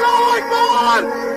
Lord, Lord!